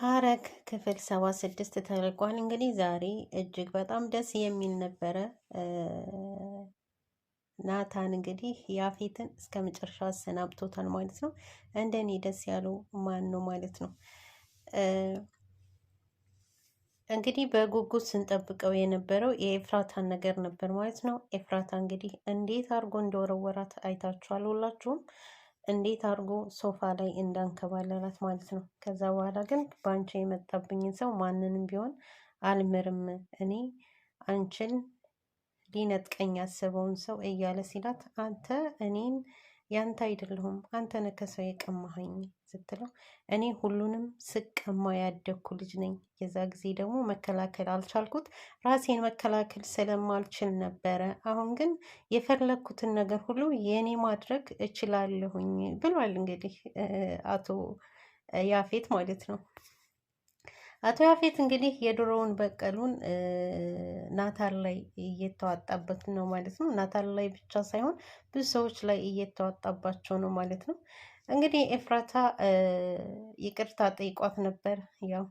ሐረግ ክፍል ሰባ ስድስት ተልቋል። እንግዲህ ዛሬ እጅግ በጣም ደስ የሚል ነበረ። ናታን እንግዲህ ያፌትን እስከ መጨረሻ አሰናብቶታል ማለት ነው። እንደኔ ደስ ያለው ማን ነው ማለት ነው። እንግዲህ በጉጉት ስንጠብቀው የነበረው የኤፍራታን ነገር ነበር ማለት ነው። ኤፍራታ እንግዲህ እንዴት አድርጎ እንደወረወራት አይታችኋል ሁላችሁም። እንዴት አድርጎ ሶፋ ላይ እንዳንከባለላት ማለት ነው። ከዛ በኋላ ግን በአንቺ የመጣብኝን ሰው ማንንም ቢሆን አልምርም እኔ አንቺን ሊነጥቀኝ ያስበውን ሰው እያለ ሲላት፣ አንተ እኔን ያንተ አይደለሁም አንተ ነህ ከሰው የቀማኸኝ ስትለው እኔ ሁሉንም ስቀማ ያደግኩ ልጅ ነኝ። የዛ ጊዜ ደግሞ መከላከል አልቻልኩት፣ ራሴን መከላከል ስለማልችል ነበረ። አሁን ግን የፈለግኩትን ነገር ሁሉ የእኔ ማድረግ እችላለሁኝ ብሏል። እንግዲህ አቶ ያፌት ማለት ነው። አቶ ያፌት እንግዲህ የድሮውን በቀሉን ናታን ላይ እየተዋጣበት ነው ማለት ነው። ናታን ላይ ብቻ ሳይሆን ብዙ ሰዎች ላይ እየተዋጣባቸው ነው ማለት ነው። እንግዲህ ኤፍራታ ይቅርታ ጠይቋት ነበር። ያው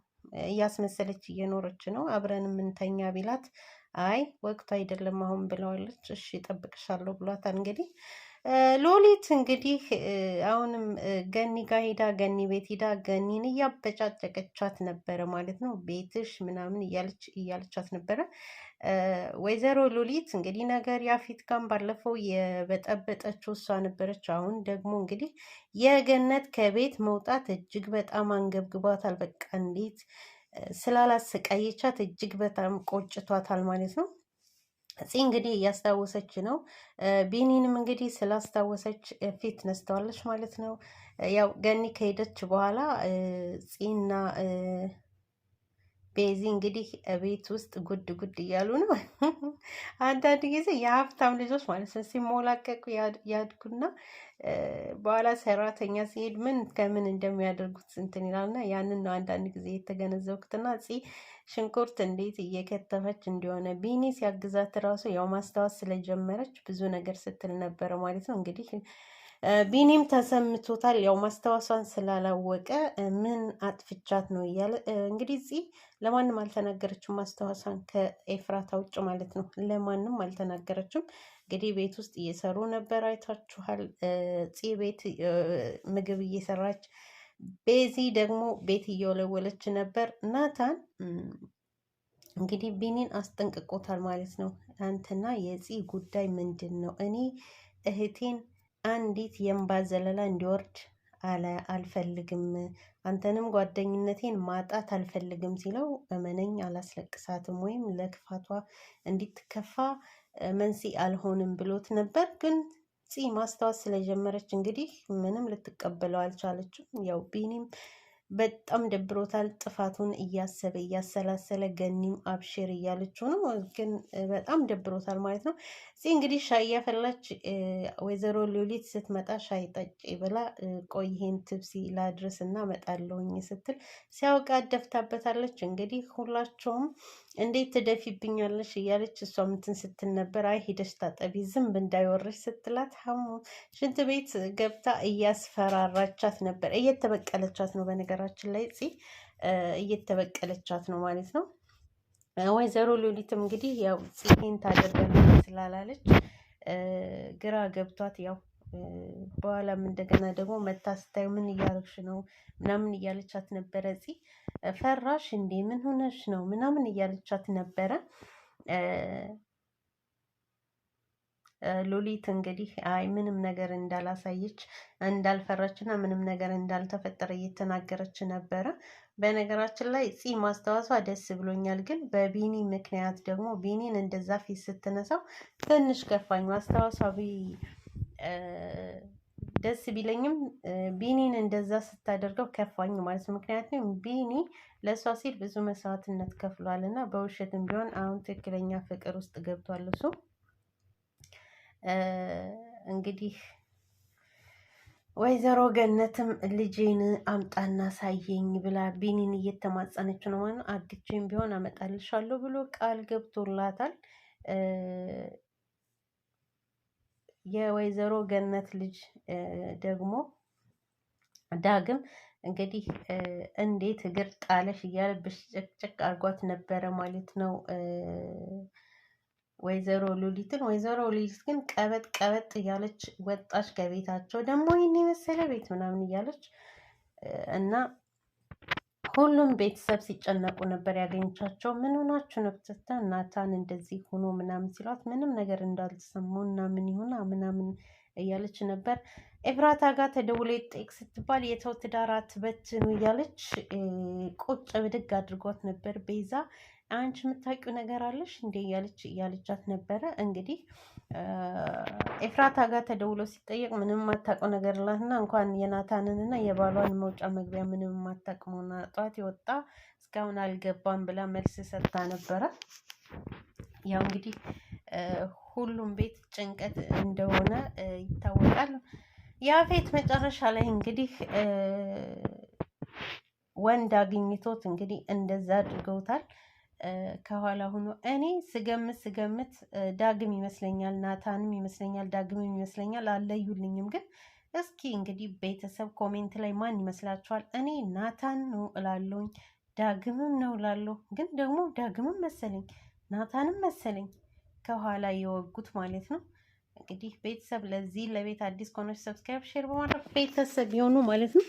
እያስመሰለች እየኖረች ነው አብረን የምንተኛ ቢላት አይ ወቅቱ አይደለም አሁን ብለዋለች። እሺ ጠብቅሻለሁ ብሏታል። እንግዲህ ሎሊት እንግዲህ አሁንም ገኒ ጋ ሂዳ ገኒ ቤት ሂዳ ገኒን እያበጫጨቀቻት ነበረ ማለት ነው። ቤትሽ ምናምን እያለች እያለቻት ነበረ። ወይዘሮ ሎሊት እንግዲህ ነገር ያፊት ጋም ባለፈው የበጠበጠችው እሷ ነበረች። አሁን ደግሞ እንግዲህ የገነት ከቤት መውጣት እጅግ በጣም አንገብግቧታል። በቃ እንዴት ስላላሰቃየቻት እጅግ በጣም ቆጭቷታል ማለት ነው። እዚህ እንግዲህ እያስታወሰች ነው። ቢኒንም እንግዲህ ስላስታወሰች ፊት ነስተዋለች ማለት ነው። ያው ገኒ ከሄደች በኋላ ጺና ቤዚ እንግዲህ ቤት ውስጥ ጉድ ጉድ እያሉ ነው። አንዳንድ ጊዜ የሀብታም ልጆች ማለት ነው ሲሞላቀቁ ያድጉና በኋላ ሰራተኛ ሲሄድ ምን ከምን እንደሚያደርጉት እንትን ይላልና ያንን ነው አንዳንድ ጊዜ የተገነዘብኩትና ፅ ሽንኩርት እንዴት እየከተፈች እንደሆነ ቢኒ ሲያግዛት ራሱ ያው ማስታወስ ስለጀመረች ብዙ ነገር ስትል ነበረ ማለት ነው እንግዲህ ቢኒም ተሰምቶታል። ያው ማስታወሷን ስላላወቀ ምን አጥፍቻት ነው እያለ እንግዲህ እዚህ ለማንም አልተናገረችም። ማስታወሷን ከኤፍራታ ውጭ ማለት ነው። ለማንም አልተናገረችም። እንግዲህ ቤት ውስጥ እየሰሩ ነበር፣ አይታችኋል። ፂ ቤት ምግብ እየሰራች ቤዚ ደግሞ ቤት እየወለወለች ነበር። ናታን እንግዲህ ቢኒን አስጠንቅቆታል ማለት ነው። አንተና የፂ ጉዳይ ምንድን ነው? እኔ እህቴን አንዲት የእንባ ዘለላ እንዲወርድ አለ አልፈልግም አንተንም ጓደኝነቴን ማጣት አልፈልግም ሲለው እመነኝ አላስለቅሳትም ወይም ለክፋቷ እንዲትከፋ መንስኤ አልሆንም ብሎት ነበር። ግን ፂ ማስታወስ ስለጀመረች እንግዲህ ምንም ልትቀበለው አልቻለችም። ያው ቢኒም በጣም ደብሮታል። ጥፋቱን እያሰበ እያሰላሰለ ገኒም አብሽር እያለችው ነው፣ ግን በጣም ደብሮታል ማለት ነው። እዚህ እንግዲህ ሻይ እያፈላች ወይዘሮ ሉሊት ስትመጣ ሻይ ጠጭ ብላ ቆይ ይሄን ትብሲ ላድርስ እና መጣለውኝ ስትል ሲያውቃ ደፍታበታለች። እንግዲህ ሁላቸውም እንዴት ትደፊብኛለሽ እያለች እሷ ምትን ስትል ነበር። አይ ሂደሽ ታጠቢ ዝም እንዳይወርሽ ስትላት ሀሙ ሽንት ቤት ገብታ እያስፈራራቻት ነበር። እየተበቀለቻት ነው በነገራችን ላይ ፂ እየተበቀለቻት ነው ማለት ነው። ወይዘሮ ሎሊትም እንግዲህ ያው ፂን ታደርገ ስላላለች ግራ ገብቷት ያው በኋላም እንደገና ደግሞ መታ ስታዩ ምን እያረግሽ ነው ምናምን እያለቻት ነበረ። እጺ ፈራሽ እንዴ ምን ሆነሽ ነው ምናምን እያለቻት ነበረ። ሎሊት እንግዲህ አይ ምንም ነገር እንዳላሳየች እንዳልፈራችና ምንም ነገር እንዳልተፈጠረ እየተናገረች ነበረ። በነገራችን ላይ ፂ ማስታወሷ ደስ ብሎኛል፣ ግን በቢኒ ምክንያት ደግሞ ቢኒን እንደዛ ፊት ስትነሳው ትንሽ ከፋኝ ማስታወሷ ደስ ቢለኝም ቢኒን እንደዛ ስታደርገው ከፋኝ ማለት ነው። ምክንያቱም ቢኒ ለእሷ ሲል ብዙ መስዋዕትነት ከፍሏል እና በውሸትም ቢሆን አሁን ትክክለኛ ፍቅር ውስጥ ገብቷል። እሱ እንግዲህ ወይዘሮ ገነትም ልጄን አምጣና ሳየኝ ብላ ቢኒን እየተማጸነች ነው ማለት ነው። አግቼም ቢሆን አመጣልሻለሁ ብሎ ቃል ገብቶላታል። የወይዘሮ ገነት ልጅ ደግሞ ዳግም እንግዲህ እንዴት እግር ጣለሽ እያለ ብሽጭቅጭቅ አርጓት ነበረ ማለት ነው ወይዘሮ ሉሊትን። ወይዘሮ ሉሊት ግን ቀበጥ ቀበጥ እያለች ወጣች ከቤታቸው ደግሞ ይህን የመሰለ ቤት ምናምን እያለች እና ሁሉም ቤተሰብ ሲጨነቁ ነበር ያገኘቻቸው። ምን ሆናችሁ ነው ብትታ ናታን እንደዚህ ሆኖ ምናምን ሲሏት ምንም ነገር እንዳልተሰሙ እና ምን ይሆን ምናምን እያለች ነበር። ኤፍራታ ጋር ተደውሎ ጠይቅ ስትባል የተው ትዳር አትበትኑ እያለች ቁጭ ብድግ አድርጓት ነበር። ቤዛ አንቺ የምታውቂው ነገር አለሽ እንዴ እያለች እያለቻት ነበረ እንግዲህ ኤፍራታ ጋር ተደውሎ ሲጠየቅ ምንም የማታውቀው ነገር ላትና እንኳን የናታንን እና የባሏን መውጫ መግቢያ ምንም የማታውቅ መሆኗ ጠዋት የወጣ እስካሁን አልገባም ብላ መልስ ሰጥታ ነበረ። ያው እንግዲህ ሁሉም ቤት ጭንቀት እንደሆነ ይታወቃል። ያፌት መጨረሻ ላይ እንግዲህ ወንድ አግኝቶት እንግዲህ እንደዛ አድርገውታል። ከኋላ ሆኖ እኔ ስገምት ስገምት ዳግም ይመስለኛል፣ ናታንም ይመስለኛል፣ ዳግምም ይመስለኛል። አለዩልኝም ግን እስኪ እንግዲህ ቤተሰብ ኮሜንት ላይ ማን ይመስላችኋል? እኔ ናታን ነው እላለሁኝ፣ ዳግምም ነው እላለሁ። ግን ደግሞ ዳግምም መሰለኝ ናታንም መሰለኝ ከኋላ የወጉት ማለት ነው። እንግዲህ ቤተሰብ ለዚህ ለቤት አዲስ ከሆነች ሰብስክራይብ፣ ሼር በማድረግ ቤተሰብ የሆኑ ማለት ነው።